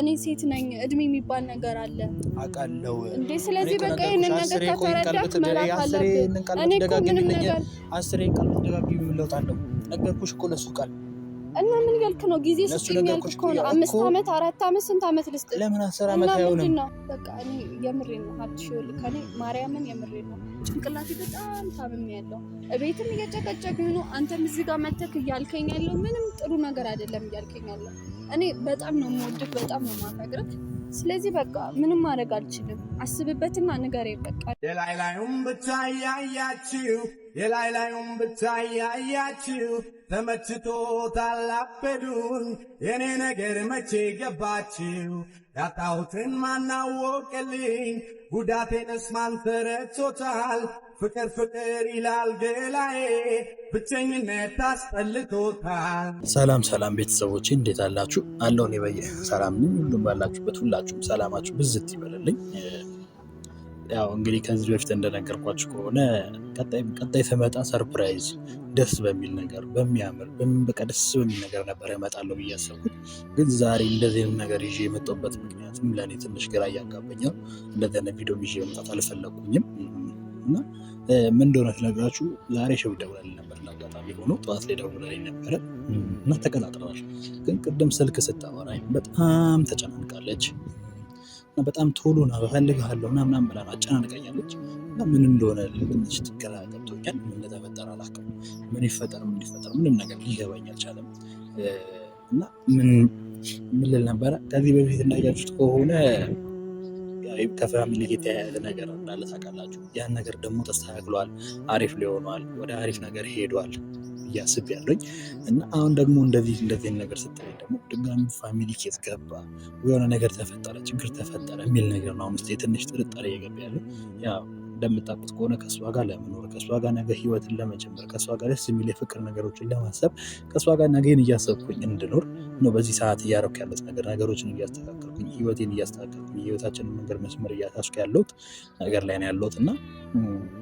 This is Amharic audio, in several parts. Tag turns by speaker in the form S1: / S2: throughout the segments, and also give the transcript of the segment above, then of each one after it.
S1: እኔ ሴት ነኝ፣ እድሜ የሚባል ነገር አለ አውቃለሁ እንዴ። ስለዚህ በቃ
S2: ይሄንን ነገር ከተረዳት መላክ አለብህ። እኔ እኮ ምንም ነገር አስሬ ቃል ደጋግሜ የምለውጣለሁ ነገርኩሽ እኮ ለሱ ቃል
S1: እና ምን እያልክ ነው? ጊዜ ስጠኝ ከሆነ አምስት ዓመት አራት ዓመት ስንት ዓመት ልስጥ?
S2: ለምን አስር ዓመት አይሆንም? ምንድን ነው
S1: በቃ እኔ የምሬ ነው ሀብትሽ፣ ይኸውልህ ከእኔ ማርያምን የምሬ ነው ጭንቅላቴ በጣም ታምሜ ያለው እቤትም እየጨቀጨቅ ነው። አንተም እዚህ ጋር መተክ እያልከኝ ያለው ምንም ጥሩ ነገር አይደለም እያልከኝ ያለው። እኔ በጣም ነው የምወድህ፣ በጣም ነው የማፈቅርህ። ስለዚህ በቃ ምንም ማድረግ አልችልም። አስብበትና ንገረኝ። በቃ።
S2: የላይ ላዩም ብቻ እያያችሁ የላይ ላይም ብቻ እያያችሁ ተመችቶ ታላበዱኝ። የኔ ነገር መቼ ገባችሁ? ያጣሁትን ማናወቅልኝ? ጉዳቴንስ ማን ፍቅር ፍቅር ይላል ገላዬ፣ ብቸኝነት ታስጠልቶታል። ሰላም ሰላም ቤተሰቦቼ እንዴት አላችሁ? አለውን የበየ ሰላም ሁሉም ባላችሁበት ሁላችሁም ሰላማችሁ ብዝት ይበልልኝ። ያው እንግዲህ ከዚህ በፊት እንደነገርኳችሁ ከሆነ ቀጣይ ስመጣ ሰርፕራይዝ ደስ በሚል ነገር በሚያምር በቃ ደስ በሚል ነገር ነበር እመጣለሁ ብዬ አሰብኩት። ግን ዛሬ እንደዚህ ነገር ይዤ የመጣሁበት ምክንያትም ለእኔ ትንሽ ግራ እያጋበኛል። እንደዚህ ዓይነት ቪዲዮ ይዤ መምጣት አልፈለግኩኝም እና ምን እንደሆነ ትነግራችሁ ዛሬ ሸው ደውላልኝ ነበር። ለአጋጣሚ ሆኖ ጠዋት ላይ ደውላል ነበረ እና ተቀጣጥረዋል። ግን ቅድም ስልክ ስታወራኝ በጣም ተጨናንቃለች። እና በጣም ቶሎ ነው እፈልግሃለሁ ምናምን ብላ አጨናንቀኛለች። ምን እንደሆነ ትንሽ ትገላ ገብቶኛል። ምን እንደተፈጠረ አላውቅም። ምን ይፈጠር ምን ይፈጠር ምንም ነገር ሊገባኝ አልቻለም። እና ምን ምልል ነበረ ከዚህ በፊት እንዳያችሁት ከሆነ ከፋሚሊ የተያያዘ ነገር እንዳለ ታውቃላችሁ። ያን ነገር ደግሞ ተስተካክሏል። አሪፍ ሊሆኗል። ወደ አሪፍ ነገር ሄዷል። ብዬ አስቤያለሁኝ እና አሁን ደግሞ እንደዚህ እንደዚህ ነገር ስታይ ደግሞ ድጋሚ ፋሚሊ ኬዝ ገባ የሆነ ነገር ተፈጠረ፣ ችግር ተፈጠረ የሚል ነገር ነው። አሁን ትንሽ ጥርጣሬ እየገባ ያለው ያው እንደምታውቁት ከሆነ ከእሷ ጋር ለመኖር ከእሷ ጋር ነገ ህይወትን ለመጀመር ከእሷ ጋር ደስ የሚል የፍቅር ነገሮችን ለማሰብ ከእሷ ጋር ነገን እያሰብኩኝ እንድኖር ነው በዚህ ሰዓት እያረኩ ያለት ነገር ነገሮችን እያስተካከልኩኝ ህይወቴን እያስተካከልኩኝ ህይወታችንን መንገድ መስመር እያሳስኩ ያለሁት ነገር ላይ ነው ያለሁት እና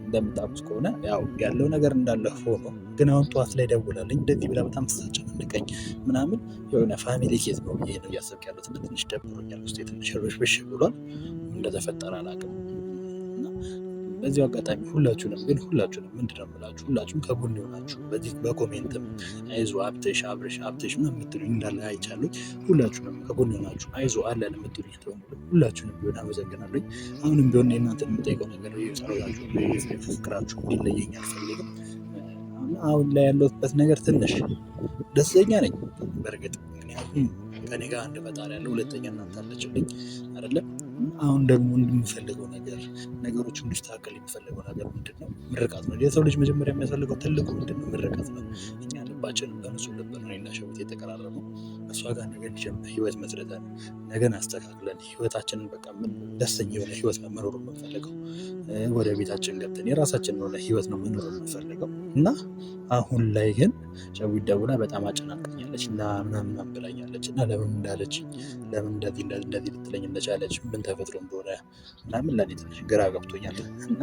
S2: እንደምታውቁት ከሆነ ያው ያለው ነገር እንዳለ ሆኖ ግን አሁን ጠዋት ላይ ደውላለኝ እንደዚህ ብላ በጣም ተሳጨናንቀኝ ምናምን የሆነ ፋሚሊ ኬዝ ነው ይሄ ነው እያሰብክ ያለው ትንሽ ደብሮኛል ውስጥ ትንሽ ርብሽብሽ ብሏል እንደተፈጠረ አላውቅም በዚሁ አጋጣሚ ሁላችሁንም ግን ሁላችሁንም ምንድን ነው የምላችሁ ሁላችሁም ከጎን የሆናችሁ በዚህ በኮሜንትም አይዞ አብተሽ አብረሽ አብተሽ ምን የምትሉኝ እንዳለ አይቻለሁ። ሁላችሁንም ከጎን የሆናችሁ አይዞ አለን የምትሉኝ ሁላችሁንም ቢሆን አመሰግናለሁ። አሁንም ቢሆን የእናንተን የምጠይቀው ነገር ጸሎታችሁ ፍቅራችሁ እንዲለየኝ አልፈልግም። አሁን ላይ ያለሁበት ነገር ትንሽ ደስተኛ ነኝ በእርግጥ ምክንያቱም ከኔ ጋር አንድ ፈጣሪ ያለ ሁለተኛ እናንተ አለችልኝ አይደለም አሁን ደግሞ እንደምፈልገው ነገር ነገሮች እንዲስተካከል የሚፈልገው ነገር ምንድን ነው? ምርቃት ነው። የሰው ልጅ መጀመሪያ የሚያሳልገው ትልቁ ምንድን ነው? ምርቃት ነው። እኛ ልባችን በንጹ ልብ ነው እና ሸዊት የተቀራረበ እሷ ጋር ነገ ጀምር ህይወት መስረተን ነገን አስተካክለን ህይወታችንን በቃ ምን ደስተኛ የሆነ ህይወት ነው የምንፈልገው። ወደ ቤታችን ገብተን የራሳችን የሆነ ህይወት ነው መኖር የምንፈልገው እና አሁን ላይ ግን ሸዊት ደውላ በጣም አጨናንቀኛለች እና ምናምን ብላኛለች እና ለምን እንዳለች ለምን እንደዚህ እንደዚህ ልትለኝ እንደቻለች ምን ተፈጥሮ እንደሆነ ምናምን ለእኔ ትንሽ ግራ ገብቶኛል እና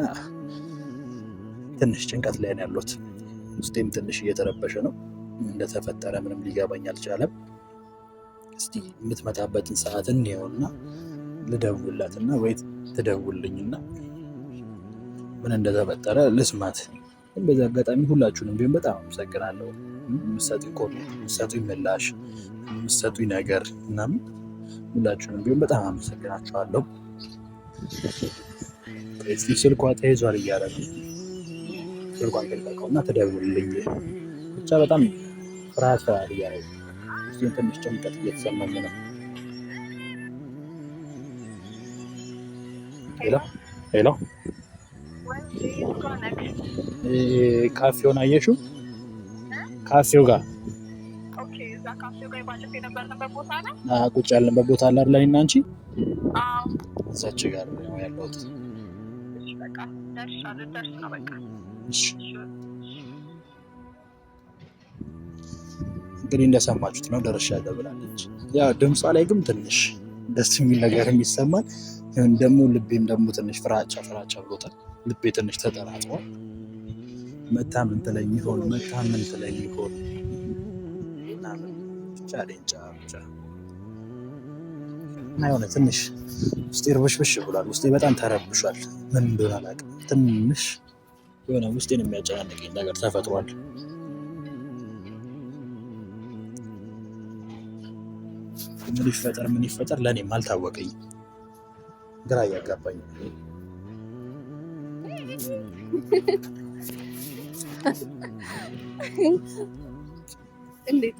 S2: ትንሽ ጭንቀት ላይ ነው ያለሁት። ውስጤም ትንሽ እየተረበሸ ነው። እንደተፈጠረ ምንም ሊገባኝ አልቻለም። እስቲ የምትመጣበትን ሰዓት እንየውና ልደውላትና ወይ ትደውልኝና ምን እንደተፈጠረ ልስማት። በዚህ አጋጣሚ ሁላችሁንም ቢሆን በጣም አመሰግናለሁ። ምሰጡ ምሰጡ ምላሽ፣ ምሰጡ ነገር ምናምን ሁላችሁንም ቢሆን በጣም አመሰግናችኋለሁ። ስልኳ ተይዟል እያለ ነው። ስልኳን ተልቀቀው እና ተደውልልኝ ብቻ በጣም ፍርሃት ፍርሃት እያለ እሱን ትንሽ ጭንቀት እየተሰማኝ ነው። ሄሎ ሄሎ፣ ካፌውን አየሽው? ካፌው ጋር ቁጭ ያለንበት ቦታ አለ አይደል? እና አንቺ እዛች ጋር ነው ያለሁት። እንግዲህ እንደሰማችሁት ነው ደርሻለሁ ብላለች። ያ ድምጿ ላይ ግን ትንሽ ደስ የሚል ነገር የሚሰማል ደግሞ ልቤም ደግሞ ትንሽ ፍራቻ ፍራቻ ብሎታል። ልቤ ትንሽ ተጠራጥሯል። መታምን ትለኝ ይሆን መታምን ትለኝ ይሆን ምናምን ብቻ ሌንጫ ብቻ እና የሆነ ትንሽ ውስጤ ርብሽብሽ ብሏል። ውስጤ በጣም ተረብሿል። ምን እንደሆነ አላውቅም። ትንሽ የሆነ ውስጤን የሚያጨናንቀኝ ነገር ተፈጥሯል። ምን ይፈጠር ምን ይፈጠር ለእኔም አልታወቀኝ፣ ግራ እያጋባኝ እንዴት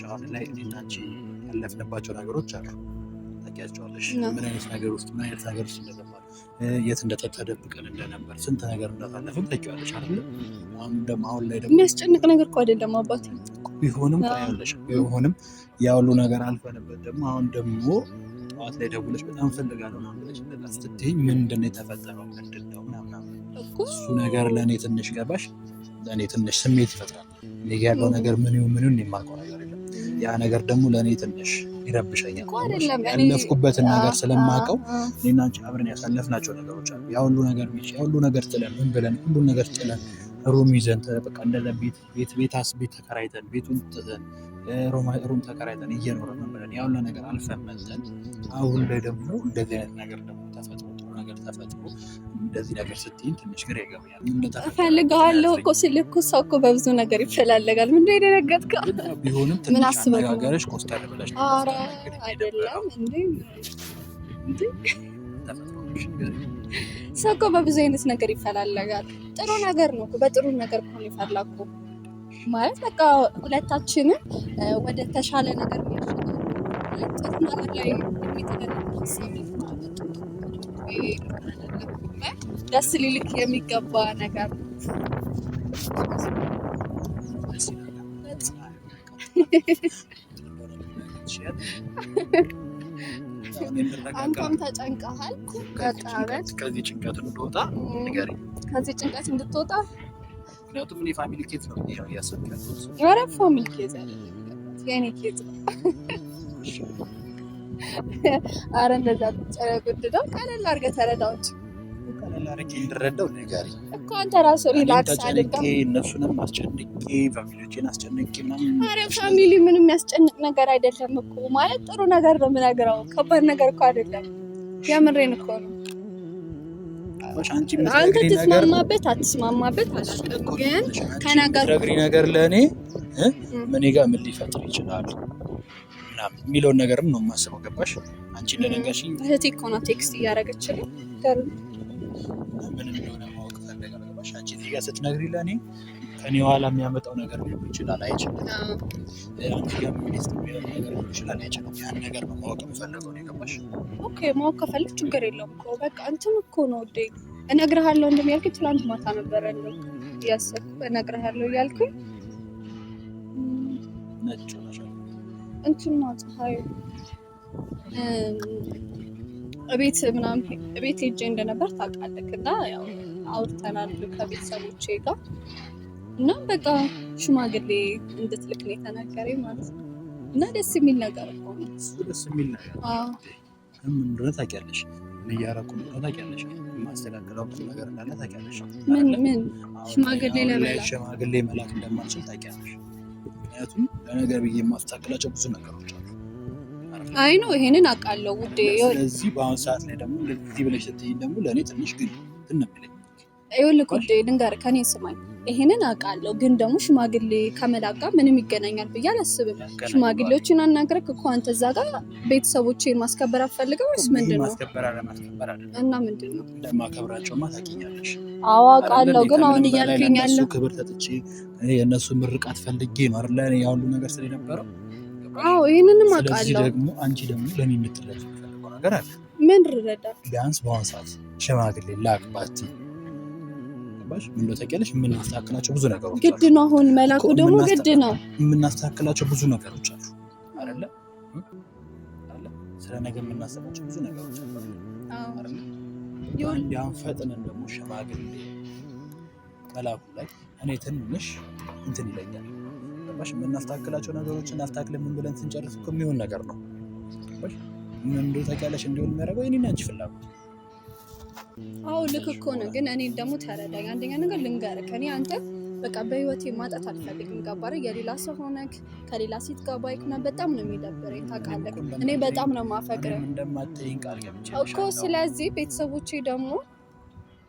S2: ገባሽ? ላይ እኔና ያለፍንባቸው ነገሮች አሉ። ታውቂያቸዋለሽ። ምን አይነት ነገር ውስጥ ምን አይነት ነገር ውስጥ እንደገባል፣ የት እንደተደብቀን እንደነበር ስንት ነገር እንዳሳለፍን ታውቂዋለሽ አለ። አሁን ደግሞ አሁን ላይ ደግሞ
S1: የሚያስጨንቅ ነገር እኮ አይደለም አባት።
S2: ቢሆንም ታያለሽ፣ ቢሆንም ያ ሁሉ ነገር አልፈንበት ደግሞ አሁን ደግሞ ጠዋት ላይ ደውለሽ በጣም ፈልጋለሁ ምናምን ብለሽ ስትይኝ ምንድን ነው የተፈጠረው? ምንድን ነው ምናምን እሱ ነገር ለእኔ ትንሽ ገባሽ፣ ለእኔ ትንሽ ስሜት ይፈጥራል። ያለው ነገር ምን ምን የማውቀው ነገር ያ ነገር ደግሞ ለእኔ ትንሽ ይረብሸኛል። ያለፍኩበትን ነገር ስለማውቀው እኔና አንቺ አብረን ያሳለፍናቸው ነገሮች አሉ። ያ ሁሉ ነገር ያ ሁሉ ነገር ጥለን ምን ብለን ሁሉ ነገር ጥለን ሩም ይዘን በቃ እንደዛ ቤት ቤት ቤታስ ቤት ተከራይተን ቤቱን ትተን ሩም ተከራይተን እየኖረ ምን ብለን ያ ሁሉ ነገር አልፈን መዘን አሁን ላይ ደግሞ እንደዚህ አይነት ነገር ደግሞ ተፈጥሮ ተፈጥሮ እንደዚህ ነገር ስትይኝ ትንሽ ግራ ይገባኛል።
S1: እፈልግሃለሁ እኮ ስልህ እኮ ሰው እኮ በብዙ ነገር ይፈላለጋል። ምንድን የደነገጥከው?
S2: ቢሆንም ምን አስበህ ኮስተር ብለሽ
S1: አይደለም ሰው እኮ በብዙ አይነት ነገር ይፈላለጋል። ጥሩ ነገር ነው። በጥሩ ነገር ከሆነ ይፈላኩ ማለት በቃ ሁለታችንም ወደ ተሻለ ነገር ጥሩ ነገር ላይ የሚተገ ደስ ሊልክ የሚገባ ነገር አንተም ተጨንቀሃል።
S2: ከዚህ ጭንቀት እንድትወጣ ንገሪኝ፣
S1: ከዚህ ጭንቀት እንድትወጣ
S2: ምክንያቱም እኔ ፋሚሊ ኬዝ ነው እያሰብክ ያለው።
S1: ኧረ ፋሚሊ ኬዝ የእኔ ኬዝ ነው። አረ እንደዛ ጉድ ነው። ቀለል አድርገህ ተረዳዎች። ፋሚሊ ምንም የሚያስጨንቅ ነገር አይደለም እኮ ማለት ጥሩ ነገር ነው የምነግረው። ከባድ ነገር እኮ አይደለም። የምሬን እኮ ነው። አንተ ትስማማበት አትስማማበት ግን ከነገር
S2: ነገር ለእኔ እኔ ጋር ምን ሊፈጥር ይችላል? ምናምን የሚለውን ነገርም ነው የማስበው። ገባሽ? አንቺ እንደነገርሽ
S1: እህቴ እኮ ናት ቴክስት እያደረገችልኝ
S2: ምንም የሆነ ማወቅ ፈለገ። ገባሽ? አንቺ እዚህ ስትነግሪ ለእኔ ከኔ ኋላ የሚያመጣው ነገር ሊሆን ይችላል አይችልም። አንቺ ጋር ሚኒስት የሚለው ነገር ሊሆን ይችላል አይችልም። ያን ነገር ነው ማወቅ የምፈለገው። ገባሽ?
S1: ኦኬ፣ ማወቅ ከፈለግ ችግር የለውም። በቃ እንትን እኮ ነው ወደ እነግርሃለሁ እንደሚያልኩኝ ትላንት ማታ ነበረ ያሰብኩ እነግርሃለሁ እያልኩኝ ነጭ እንትና ነው ፀሐዩ እቤት ምናምን እቤት ሄጄ እንደነበር ታውቃለህ። እና ያው አውርተናል ከቤተሰቦቼ ጋር እና በቃ ሽማግሌ እንድትልክ ነው የተናገረኝ ማለት ነው። እና ደስ የሚል ነገር እኮ ነው
S2: ደስ የሚል ነገር ምን እንደሆነ ታውቂያለሽ፣ ምን እያደረኩ ታውቂያለሽ፣ የማስተካከለው ነገር እንዳለ ታውቂያለሽ።
S1: ምን ምን ሽማግሌ ለመላክ
S2: ሽማግሌ መላክ እንደማልችል ታውቂያለሽ። ምክንያቱም ለነገር ብዬ የማስተካከላቸው ብዙ ነገሮች አሉ።
S1: አይ ነው ይሄንን አውቃለሁ ውዴ።
S2: ስለዚህ በአሁን ሰዓት ላይ ደግሞ እንደዚህ ብለሽ ስትይኝ ደግሞ ለእኔ ትንሽ ግን ትንብለኝ
S1: ይኸውልህ፣ ውዴ ልንገርህ፣ ከኔ ስማኝ ይሄንን አውቃለሁ፣ ግን ደግሞ ሽማግሌ ከመላክ ጋር ምንም ይገናኛል ብዬ አላስብም። ሽማግሌዎችን አናግረክ እኮ አንተ እዛ ጋር ቤተሰቦችን ማስከበር አፈልገው ወይስ ምንድን ነው? እና ምንድን ነው
S2: ለማከብራቸውማ ታውቂኛለሽ።
S1: አዎ ግን አሁን እያልኩኝ
S2: ክብር ተጥቼ የእነሱ ምርቃት ፈልጌ ነው አይደለ ያሁሉ ነገር ስለነበረው።
S1: አዎ ይሄንንም አውቃለሁ።
S2: ደግሞ አንቺ ደግሞ ለእኔ የምትረዳ ነገር አለ። ምን ልረዳ? ቢያንስ በአሁን ሰዓት ሽማግሌ ላክ ገባሽ? ምን ነው ታውቂያለሽ? የምናስተካክላቸው ብዙ ነገሮች
S1: ግድ ነው። አሁን መላኩ ደግሞ ግድ ነው።
S2: የምናስተካክላቸው ብዙ ነገሮች አሉ አይደለ? ስለ ነገር የምናስባቸው ብዙ ነገሮች አሉ አይደለ? ያን ፈጥነን ደግሞ ሸማግሌ መላኩ ላይ እኔ ትንሽ እንትን ይለኛል። ገባሽ? የምናስተካክላቸው ነገሮች እናስተካክል ምን ብለን ስንጨርስ እኮ የሚሆን ነገር ነው። ምን እንደው ታውቂያለሽ እንዲሆን የሚያደርገው የኔና አንቺ ፍላጎት
S1: አዎ ልክ እኮ ነው። ግን እኔ ደግሞ ተረዳኝ። አንደኛ ነገር ልንገርህ፣ እኔ አንተ በቃ በህይወቴ ማጣት አልፈልግም። ጋባረ የሌላ ሰው ሆነክ ከሌላ ሴት ጋር ባይክ ና በጣም ነው የሚደብረኝ ታውቃለህ። እኔ በጣም ነው ማፈቅረ እኮ ስለዚህ ቤተሰቦቼ ደግሞ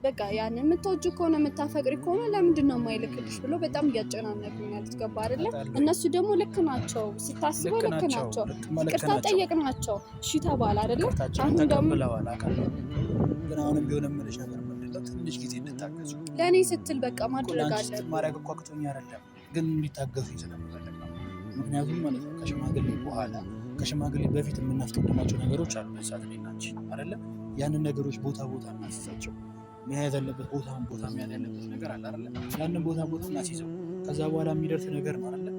S1: በቃ ያን የምትወጁ ከሆነ የምታፈቅሪ ከሆነ ለምንድን ነው የማይልክልሽ ብሎ በጣም እያጨናነቁኛል። ትገባ አይደለ? እነሱ ደግሞ ልክ ናቸው፣ ስታስበው ልክ ናቸው። ይቅርታ ናቸው፣ እሺ ተባለ አይደለ?
S2: አሁን ደግሞ ግን አሁንም ቢሆን የምልሽ ነገር ምንድነው ትንሽ ጊዜ እንታገዙ።
S1: ለእኔ ስትል በቃ ማድረግ
S2: ማድረግ እኮ አቅቶኝ አይደለም፣ ግን እንዲታገሱ ስለምፈልግ ነው። ምክንያቱም ማለት ነው ከሽማግሌ በኋላ ከሽማግሌ በፊት የምናስቀድማቸው ነገሮች አሉ። ሳት ናች አይደለ? ያንን ነገሮች ቦታ ቦታ እናስይዛቸው። መያዝ ያለበት ቦታ ቦታ መያዝ ያለበት ነገር አለ አይደለ? ያንን ቦታ ቦታ እናስይዘው። ከዛ በኋላ የሚደርስ ነገር ነው አይደለ?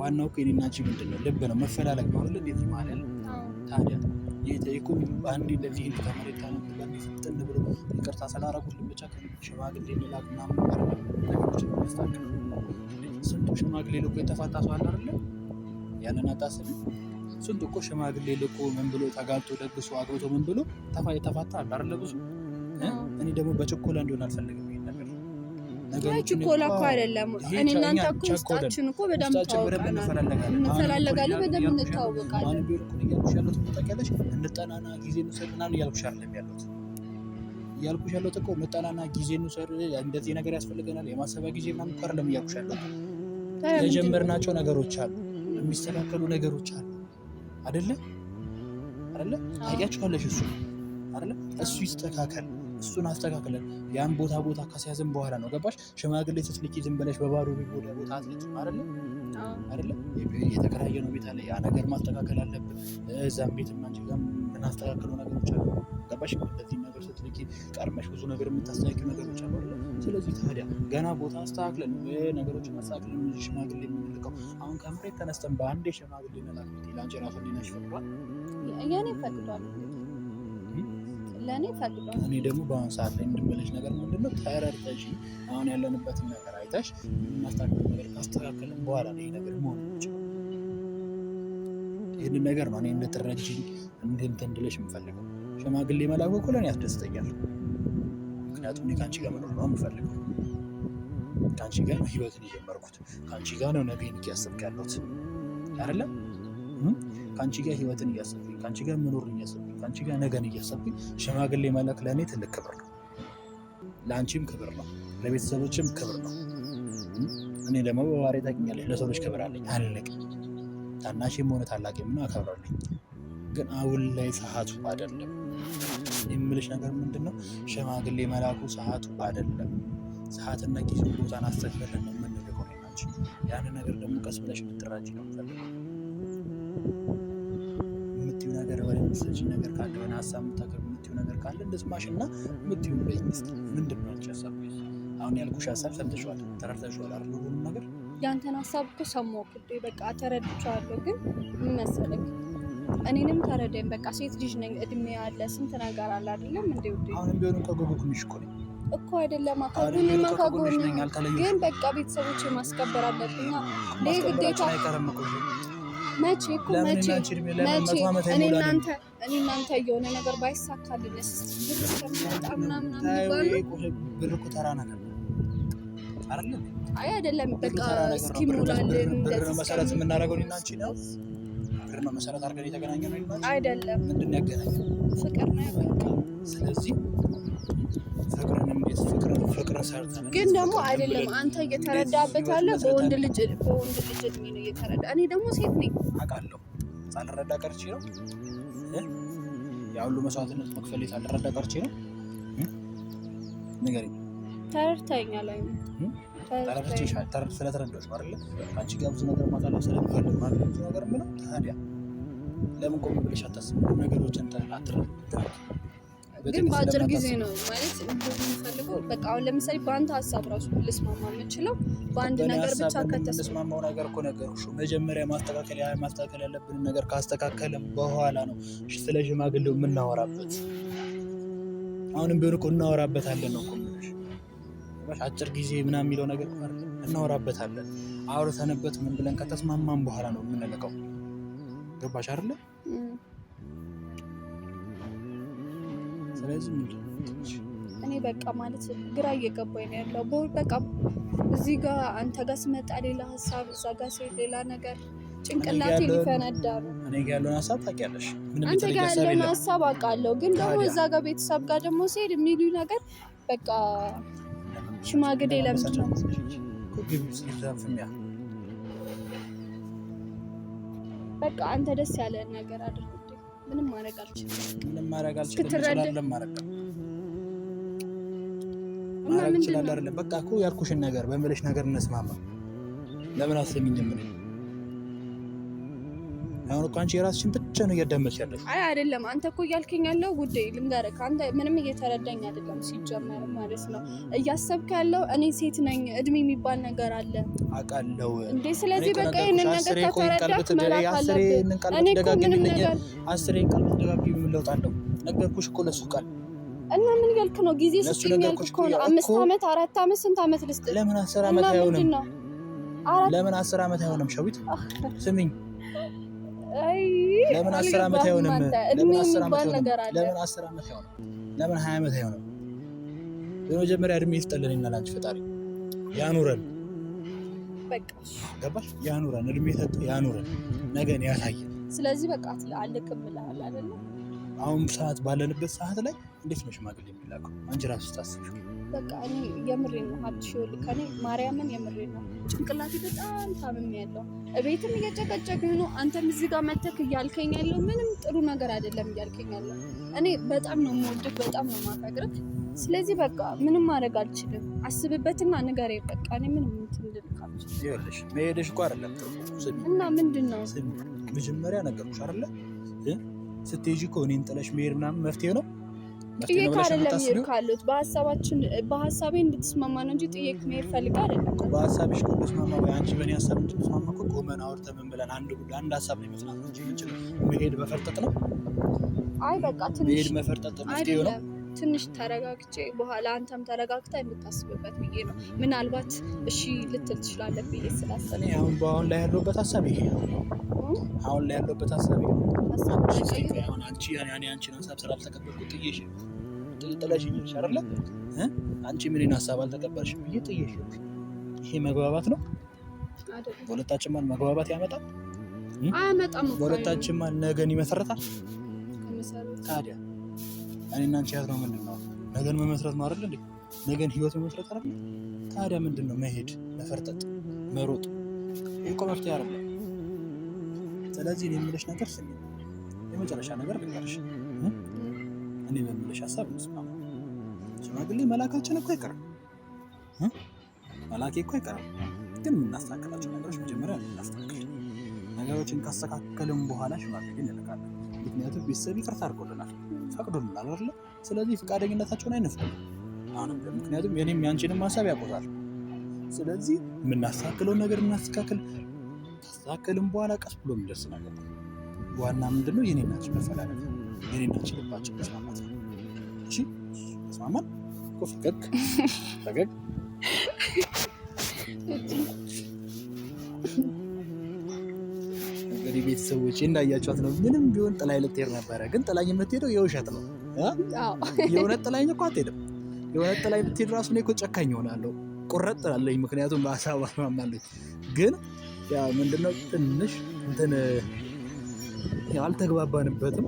S2: ዋናው እኮ የኔና ምንድን ነው ልብ ነው መፈላለግ ነው አይደለ? እንዴት ይማለል ታዲያ የጠየቁም አንድ እንደዚህ እንዲ ከመሬት ካነጠላ እንዲ ፍጥን ብሎ ይቅርታ ስላረጉልን ብቻ ሽማግሌ ሌላ ምናምን ነገሮች የሚያስታክል ስንቱ ሽማግሌ ልኮ የተፋታ ሰው አለ አይደለ? ያንን አጣስል ስንቱ እኮ ሽማግሌ ልኮ ምን ብሎ ተጋብቶ ደግሶ አግብቶ ምን ብሎ የተፋታ አለ አይደለ? ብዙ እኔ ደግሞ በችኮላ እንዲሆን አልፈልግም።
S1: ችኮላ እኮ አይደለም። እኔ እናንተ እኮ ውስጣችን እኮ በደንብ እንፈላለጋለን፣ በደንብ እንታወቃለን።
S2: እንጠናና ጊዜ እንውሰድ ምናምን እያልኩሽ አይደለም ያለሁት እያልኩሽ ያለሁት እኮ እንጠናና ጊዜ እንውሰድ እንደዚህ ነገር ያስፈልገናል የማሰቢያ ጊዜ ምናምን እኮ አይደለም እያልኩሽ ያለሁት። የጀመርናቸው ነገሮች አሉ፣ የሚስተካከሉ ነገሮች አሉ። አይደለም አይደለም ታያቸዋለሽ። እሱ አይደለም እሱ ይስተካከል እሱን አስተካክለን ያን ቦታ ቦታ ካስያዝን በኋላ ነው። ገባሽ? ሽማግሌ ስትልኪ ዝም ብለሽ በባዶ ቤት ወደ ቦታ አትልጭ አይደለ? አይደለ? የተከራየ ነው ቤት አለ። ያ ነገር ማስተካከል አለብን። እዛም ቤት ማንጭ ጋር እናስተካክለው ነገሮች አሉ። ገባሽ? እንደዚህ ነገር ስትልኪ ቀርመሽ ብዙ ነገር የምታስተካክል ነገሮች አሉ። ስለዚህ ታዲያ ገና ቦታ አስተካክለን ነገሮችን አስተካክለን ሽማግሌ የምንልከው አሁን ከምሬት ተነስተን በአንዴ ሽማግሌ ይመጣል። ላንጭ ራሱ ሊነሽ ፈቅዷል።
S1: የእኔ ፈቅዷል ለእኔ ፈልገው።
S2: እኔ ደግሞ በአሁኑ ሰዓት ላይ እንድመለሽ ነገር ምንድነው ተረድተሽ አሁን ያለንበትን ነገር አይተሽ የምናስተካክል ነገር ካስተካከልን በኋላ ነው ነገር መሆን ይችላል። ይህንን ነገር ነው እኔ እንድትረጂ እንድንት እንድለሽ የምፈልገው። ሽማግሌ መላኩ እኮ ለእኔ ያስደስተኛል። ምክንያቱም እኔ ከአንቺ ጋር መኖር ነው የምፈልገው። ከአንቺ ጋር ነው ህይወትን የጀመርኩት። ከአንቺ ጋር ነው ነገን እያሰብክ ያለሁት አይደለም። ከአንቺ ጋር ህይወትን እያሰብኩኝ ከአንቺ ጋር መኖርን እያሰብኩ አንቺ ጋር ነገን እያሰብኩኝ ሽማግሌ መላክ ለእኔ ትልቅ ክብር ነው፣ ለአንቺም ክብር ነው፣ ለቤተሰቦችም ክብር ነው። እኔ ደግሞ በባህሪ ታውቂኛለሽ፣ ለሰው ልጅ ክብር አለኝ አለቅ ታናሽም ሆነ ታላቅ ምን አከብራለኝ። ግን አሁን ላይ ሰዓቱ አይደለም። የምልሽ ነገር ምንድን ነው፣ ሽማግሌ መላኩ ሰዓቱ አይደለም። ሰዓትና ጊዜ ቦታን አስተክለን ነው የምንልቆ ናቸው። ያንን ነገር ደግሞ ቀስ ብለሽ እንድትራጅ ነው ፈልገ የምትዩ ነገር ወይ የምትሰጪ ነገር ካለ ወይ ሀሳብ የምታቀርብ የምትዩ ነገር ካለ እንደስማሽ እና የምትዩ በይኝ ምንድን ነው አንቺ ሀሳብ? አሁን ያልኩሽ ሀሳብ ሰምተሽዋል፣ ተረድተሽዋል አይደል? ሁሉንም ነገር ያንተን ሀሳብ እኮ ሰማሁህ እኮ በቃ ተረድቻለሁ። ግን ምን መሰለህ እኔንም ተረዳኝ። በቃ ሴት ልጅ ነኝ፣ እድሜ ያለ ስንት ነገር አለ አይደለም እንዴ? ውዴ አሁንም ቢሆን እንኳ ጎጎኩንሽ እኮ ነኝ እኮ አይደለም አካጎንና ካጎን ግን በቃ ቤተሰቦች ማስከበር አለብኛ ግዴታ መቼ እኮ እኔ እናንተ እኔ እናንተ የሆነ ነገር ባይሳካልን ብር እኮ ተራ ነገር አይደለም። በቃ እስኪ ሙላልን መሰረት የምናደርገው እኔ እና አንቺ ነው። ፍቅር ነው መሰረት አድርገን የተገናኘ ነው አይደለም? ምንድን ያገናኘ ፍቅር ነው። ስለዚህ ግን ደግሞ አይደለም አንተ እየተረዳበት ያለ በወንድ ልጅ በወንድ ልጅ እድሜ ነው እየተረዳ። እኔ ደግሞ ሴት ነኝ አውቃለሁ። ሳልረዳ ቀርቼ ነው ያሁሉ መስዋዕትነት መክፈል ሳልረዳ ቀርቼ ነው። ንገሪኝ። ተረድተኸኛል አይነት ተረድቼሻል። ስለተረዳሁሽ አይደለ? አንቺ ጋር ብዙ ነገር ማለት ብዙ ነገር ምንም ታዲያ ለምን ቆም ብለሽ አታስብ ነገሮችን ግን በአጭር ጊዜ ነው ማለት እንደምፈልገው። በቃ አሁን ለምሳሌ በአንተ ሀሳብ ራሱ ልስማማ የምችለው በአንድ ነገር ብቻ ከተስማማው ነገር እኮ ነገርኩሽ። መጀመሪያ ማስተካከል ማስተካከል ያለብንን ነገር ካስተካከልን በኋላ ነው ስለ ሽማግሌው የምናወራበት። አሁንም ቢሆን እኮ እናወራበታለን ነው ገባሽ አጭር ጊዜ ምናምን የሚለው ነገር እናወራበታለን። አውርተንበት ምን ብለን ከተስማማን በኋላ ነው የምንለቀው። ገባሽ አይደለ? ስለዚህ እኔ በቃ ማለት ግራ እየገባኝ ነው ያለው። በቃ እዚህ ጋር አንተ ጋር ስመጣ ሌላ ሀሳብ፣ እዛ ጋር ሴት ሌላ ነገር ጭንቅላቴ ሊፈነዳ ነው። እኔ ጋር ያለውን ሀሳብ ታውቂያለሽ፣ አንተ ጋር ያለውን ሀሳብ አውቃለሁ። ግን ደግሞ እዛ ጋር ቤተሰብ ጋር ደግሞ ሲሄድ የሚሉ ነገር በቃ ሽማግሌ ለምንድን ነው? በቃ አንተ ደስ ያለ ነገር አድርግ። ምንም ማድረግ አልችልም። ምንም አልችልም። በቃ እኮ ያልኩሽን ነገር በመለሽ ነገር እንስማማ። ለምን አሰሚኝ ምንም አሁን እኮ አንቺ የራስሽን ብቻ ነው እያዳመጥሽ ያለሽ። አይ አይደለም፣ አንተ እኮ እያልከኝ ያለው ጉዳይ ልንገርህ፣ አንተ ምንም እየተረዳኝ አይደለም ሲጀመር ማለት ነው። እያሰብክ ያለው እኔ ሴት ነኝ፣ እድሜ የሚባል ነገር አለ አውቃለሁ እንዴ። ስለዚህ በቃ ይሄንን ነገር ከተረዳህ መላክ አለብህ። እኔ እኮ ምንም ነገር አስሬ ቀልብ ደጋግሜ የምለውጥ አለው ነገርኩሽ እኮ ለሱ ቃል እና ምን እያልክ ነው? ጊዜ ስጪኝ ከሆነ አምስት ዓመት አራት ዓመት ስንት ዓመት ልስጥ? ለምን አስር ዓመት አይሆንም? ለምን አስር ዓመት አይሆንም? ሸዊት ስሚኝ ለምን አስር ዓመት አይሆንም? ለምን አስር ዓመት አይሆንም? ለምን ሀያ ዓመት አይሆንም? በመጀመሪያ እድሜ ይስጠልን እና ላንቺ ፈጣሪ ያኑረን፣ ገባሽ? ያኑረን፣ እድሜ ሰጥ ያኑረን፣ ነገን ያሳየን። ስለዚህ በቃ አልቅም ብለሃል አይደለ አሁን ሰዓት ባለንበት ሰዓት ላይ እንዴት ነው ሽማግሌ የሚላከው? አንቺ ራሱ ስታስብ በቃ እኔ የምሬ ነው ሀብት ሽወል ከኔ ማርያምን የምሬ ነው ጭንቅላቴ በጣም ታምም ያለው እቤትም እየጨቀጨቅህ ነው። አንተም እዚህ ጋር መተክ እያልከኝ ያለው ምንም ጥሩ ነገር አይደለም እያልከኝ ያለው። እኔ በጣም ነው የምወድህ፣ በጣም ነው የማፈቅርህ። ስለዚህ በቃ ምንም ማድረግ አልችልም። አስብበትና ንገረኝ። በቃ እኔ ምንም ይኸውልሽ መሄድሽ እኮ አይደለም እና ምንድን ነው መጀመሪያ ነገሮች አይደለም ስትሄጂ እኮ እኔን ጥለሽ መሄድ ምናምን መፍትሄ ነው ጥዬ ካደለም ሄድ ካሉት በሀሳባችን በሀሳቤ እንድትስማማ ነው እንጂ ጥዬ መሄድ ፈልግ አይደለም። በሀሳብሽ እኮ እንድትስማማ ወይ አንቺ በእኔ ሀሳብ እንድትስማማ እኮ ቆመን አውርተን ምን ብለን አንድ ጉዳይ አንድ ሀሳብ ነው ይመስላል እንጂ ምንችል መሄድ መፈርጠጥ ነው። አይ በቃ ትንሽ መሄድ መፈርጠጥ ነው ነው ትንሽ ተረጋግቼ በኋላ አንተም ተረጋግታ የምታስብበት ብዬ ነው። ምናልባት እሺ ልትል ትችላለህ ብዬ ስላሰብኩ አሁን በአሁን ላይ ያለሁበት ሀሳብ ይሄ ነው። አሁን ላይ ያለበት ሀሳብ ሁን አንቺ አንቺን ሀሳብ ስላልተቀበልኩ ጥዬሽ ጥለሽኝ አይደለ? አንቺ ምንን ሀሳብ አልተቀበልሽም ብዬ ጥዬሽ። ይሄ መግባባት ነው። በሁለታችን ማን መግባባት ያመጣል አያመጣም? በሁለታችን ማን ነገን ይመሰረታል። ታዲያ እኔና አንቺ ያዝነው ምንድን ነው? ነገን መመስረት ነው አይደል? ነገን ህይወት መመስረት አይደል? ታዲያ ምንድን ነው መሄድ፣ መፈርጠጥ፣ መሮጥ? ይህ እኮ መፍትሄ አይደለም። ስለዚህ እኔ የምልሽ ነገር ስ የመጨረሻ ነገር ልንገርሽ፣ እኔ በምልሽ ሀሳብ ሽማግሌ መላካችን እኮ አይቀርም፣ መላኬ እኮ አይቀርም። ግን የምናስተካከላቸው ነገሮች መጀመሪያ እናስተካክል። ነገሮችን ካስተካከልም በኋላ ሽማግሌ እንልካለን። ምክንያቱም ቤተሰብ ይቅርታ አድርጎልናል፣ ፈቅዶልናል አይደለ? ስለዚህ ፈቃደኝነታቸውን አይነፍቁም። አሁንም ምክንያቱም የኔም ያንቺንም ሀሳብ ያቆጣል። ስለዚህ የምናስተካክለውን ነገር እናስተካክል። ካስተካከልም በኋላ ቀስ ብሎ የሚደርስ ነገር ነው። ዋና ምንድነው? የኔናችን መፈላለግ የኔናችን ልባችን መስማማት ነው። እሺ መስማማት እኮ ፈገግ ፈገግ እንግዲህ ቤተሰቦች እንዳያችኋት ነው። ምንም ቢሆን ጥላኝ ልትሄድ ነበረ፣ ግን ጥላኝ የምትሄደው የውሸት ነው። የእውነት ጥላኝ እኮ አትሄድም። የእውነት ጥላኝ ብትሄድ ራሱ እኔ እኮ ጨካኝ ይሆናለሁ፣ ቁረጥ እላለሁኝ። ምክንያቱም በሀሳብ አስማማለች ግን ያው ምንድነው ትንሽ እንትን አልተግባባንበትም፣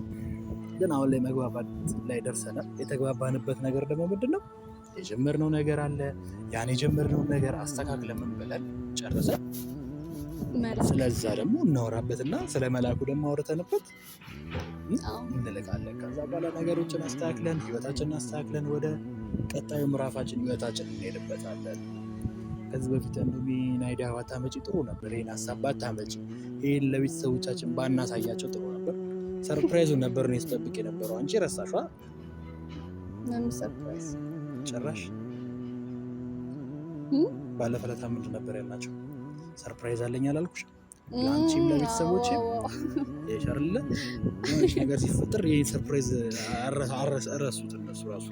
S2: ግን አሁን ላይ መግባባት ላይ ደርሰናል። የተግባባንበት ነገር ደግሞ ምንድነው የጀመርነው ነገር አለ። ያን የጀመርነውን ነገር አስተካክለን ብለን ጨርሰን ስለዛ ደግሞ እናወራበትና ስለ መላኩ ደግሞ አውርተንበት እንልቃለን። ከዛ በኋላ ነገሮችን አስተካክለን ህይወታችንን አስተካክለን ወደ ቀጣዩ ምዕራፋችን ህይወታችን እንሄድበታለን። ከዚህ በፊት እንዶሚን አይዲያ ባታመጪ ጥሩ ነበር። ይህን ሀሳብ ባታመጪ፣ ይህን ለቤተሰቦቻችን ባናሳያቸው ጥሩ ነበር። ሰርፕራይዙ ነበር ነው ስጠብቅ የነበረው። አንቺ ረሳሿ ጭራሽ። ባለፈ ዕለት ምንድን ነበር ያልናቸው? ሰርፕራይዝ አለኝ አላልኩሽ? ለአንቺም ለቤተሰቦች የሸርለ ሽ ነገር ሲፈጠር ይህ ሰርፕራይዝ እረሱት እነሱ ራሱ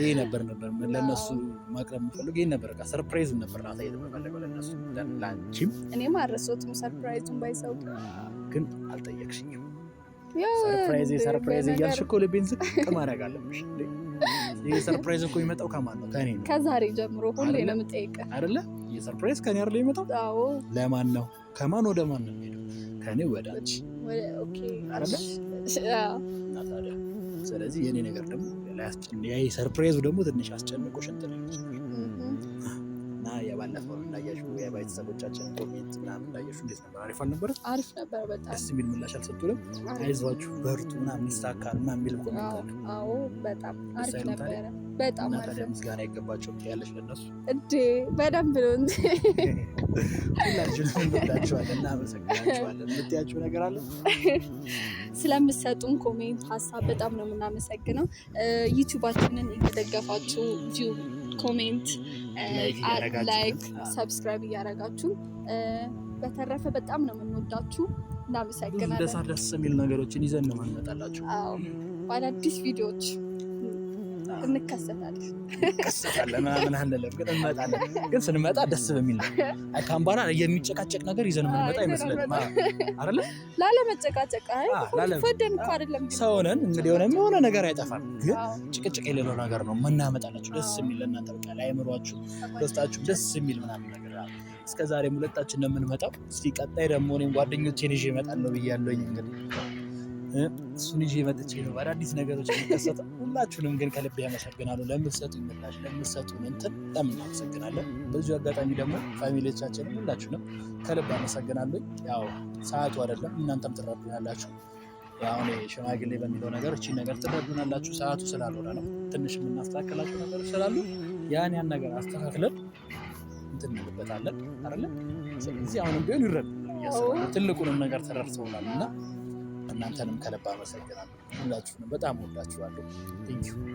S2: ይህ ነበር ነበር ለእነሱ ማቅረብ የምፈልገው ይህን ነበር። በቃ ሰርፕራይዝ ነበር ላሳየት የምፈልገው ለእነሱ ለአንቺም። እኔማ አልረሳሁትም ሰርፕራይዙን። ባይሰው ግን አልጠየቅሽኝም። ሰርፕራይዝ ሰርፕራይዝ እያልሽ እኮ ልቤን ዝቅ ማድረግ አለብሽ። ይህ ሰርፕራይዝ እኮ የሚመጣው ከማን ነው? ከኔ ነው። ከዛሬ ጀምሮ ሁሌ ነው የምጠይቀህ አይደለ? ይህ ሰርፕራይዝ ከኔ አይደለ የሚመጣው? አዎ። ለማን ነው? ከማን ወደ ማን ነው የሚሄደው? ከኔ ወደ አንቺ። ስለዚህ የኔ ነገር ደግሞ ሰርፕሬዙ ደግሞ ትንሽ አስጨንቆሽ እንትን እና የባለፈው እንዳያችሁ የቤተሰቦቻችን ኮሜንት ምናምን እንዳያችሁ እንዴት ነበር? አሪፍ አልነበረ? አሪፍ ነበረ። በጣም ደስ የሚል ምላሽ አልሰጡንም። አይዟችሁ በርቱ ምናምን ይሳካል ምናምን የሚል ኮሜንት አዎ በጣም አሪፍ ነበረ። በጣም ታዲያ ምስጋና ይገባቸው ያለች ለነሱ እንዴ በደንብ ነው እንዴ ሁላችሁንም እንወዳችኋለን፣ እናመሰግናችኋለን። የምትያችሁ ነገር አለ ስለምሰጡን ኮሜንት ሀሳብ በጣም ነው የምናመሰግነው። ዩቱባችንን እየደገፋችሁ ቪው ኮሜንት፣ ላይክ፣ ሰብስክራይብ እያደረጋችሁ በተረፈ በጣም ነው የምንወዳችሁ። እናመሰግናለን። ደስ የሚሉ ነገሮችን ይዘን ነው የምንመጣላችሁ በአዳዲስ ቪዲዮዎች እንከሰታለን ምናምን አንልም፣ ግን እንመጣለን። ግን ስንመጣ ደስ በሚል ነው። ካምባና የሚጨቃጨቅ ነገር ይዘን የምንመጣ አይመስለንም አይደለ? ላለመጨቃጨቅ ፈደን እኮ አይደለም ሰው ነን እንግዲህ የሆነ የሆነ ነገር አይጠፋም። ግን ጭቅጭቅ የሌለው ነገር ነው የምናመጣላችሁ። ደስ የሚል ለእናንተ በቃ ለአእምሯችሁ፣ ደስታችሁ ደስ የሚል ምናምን ነገር እስከ ዛሬም ሁለታችን ነው የምንመጣው። እስኪ ቀጣይ ደግሞ እኔም ጓደኞቼን ይዤ እመጣለሁ ብያለሁኝ እንግዲህ እሱን ይዤ መጥቼ ነው አዳዲስ ነገሮች የሚከሰተ። ሁላችሁንም ግን ከልብ ያመሰግናሉ ለምትሰጡ ምላሽ ለምትሰጡ እንትን ለምን አመሰግናለን። በዚሁ አጋጣሚ ደግሞ ፋሚሊዎቻችን ሁላችሁንም ከልብ አመሰግናለሁ። ያው ሰዓቱ አይደለም እናንተም ትረዱናላችሁ። አሁን ሽማግሌ በሚለው ነገር እቺ ነገር ትረዱናላችሁ። ሰዓቱ ስላልሆነ ነው ትንሽ የምናስተካከላቸው ነገሮች ስላሉ ያን ያን ነገር አስተካክለን እንትን እንልበታለን አይደለም። ስለዚህ አሁንም ቢሆን ይረዱ ትልቁንም ነገር ተረድተውናል እና እናንተንም ከልብ አመሰግናለሁ። ሁላችሁንም በጣም ወዳችኋለሁ። ቴንኪው